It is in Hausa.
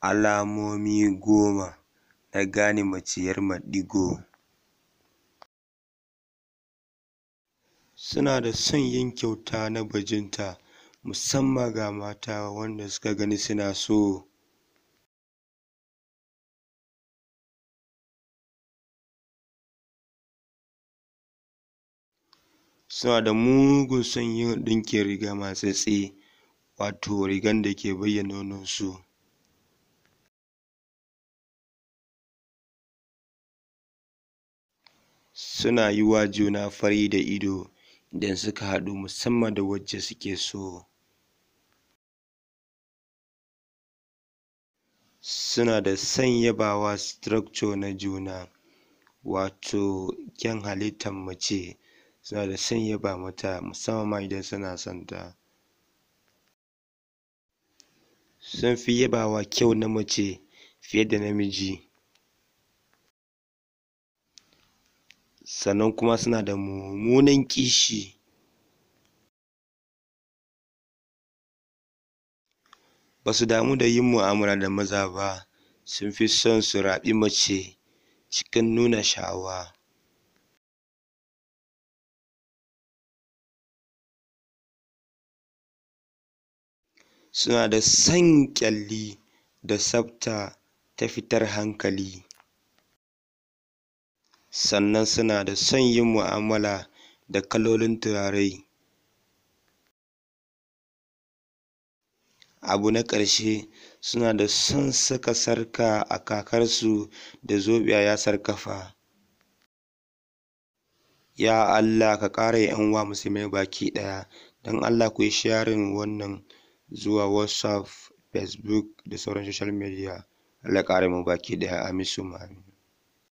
Alamomi goma na gane maciyar maɗigo. suna da son yin kyauta na bajinta musamman ga mata wanda suka gani suna so suna da mugun son yin ɗinkin riga masu tsi wato rigan da ke bayyana nonon su suna yiwa juna fari da ido idan suka haɗu musamman da wacce suke so suna da son yabawa structure na juna wato kyan halittar mace suna da son yaba mata musamman ma idan suna son ta sun fi yabawa kyau na mace fiye da namiji sannan kuma suna da mummunan kishi ba su damu da yin mu'amala da maza ba sun fi son su raɓi mace cikin nuna sha'awa suna da son ƙyalli da tsafta ta fitar hankali sannan suna da son yin mu'amala da kalolin turare abu na ƙarshe suna da son saka sarka a kakarsu da zobiya ya sarkafa ya Allah ka ƙara yan uwa musulmai baki ɗaya don Allah ku yi sharing wannan zuwa whatsapp facebook da sauran social media Allah ƙara mu baki ɗaya amin suma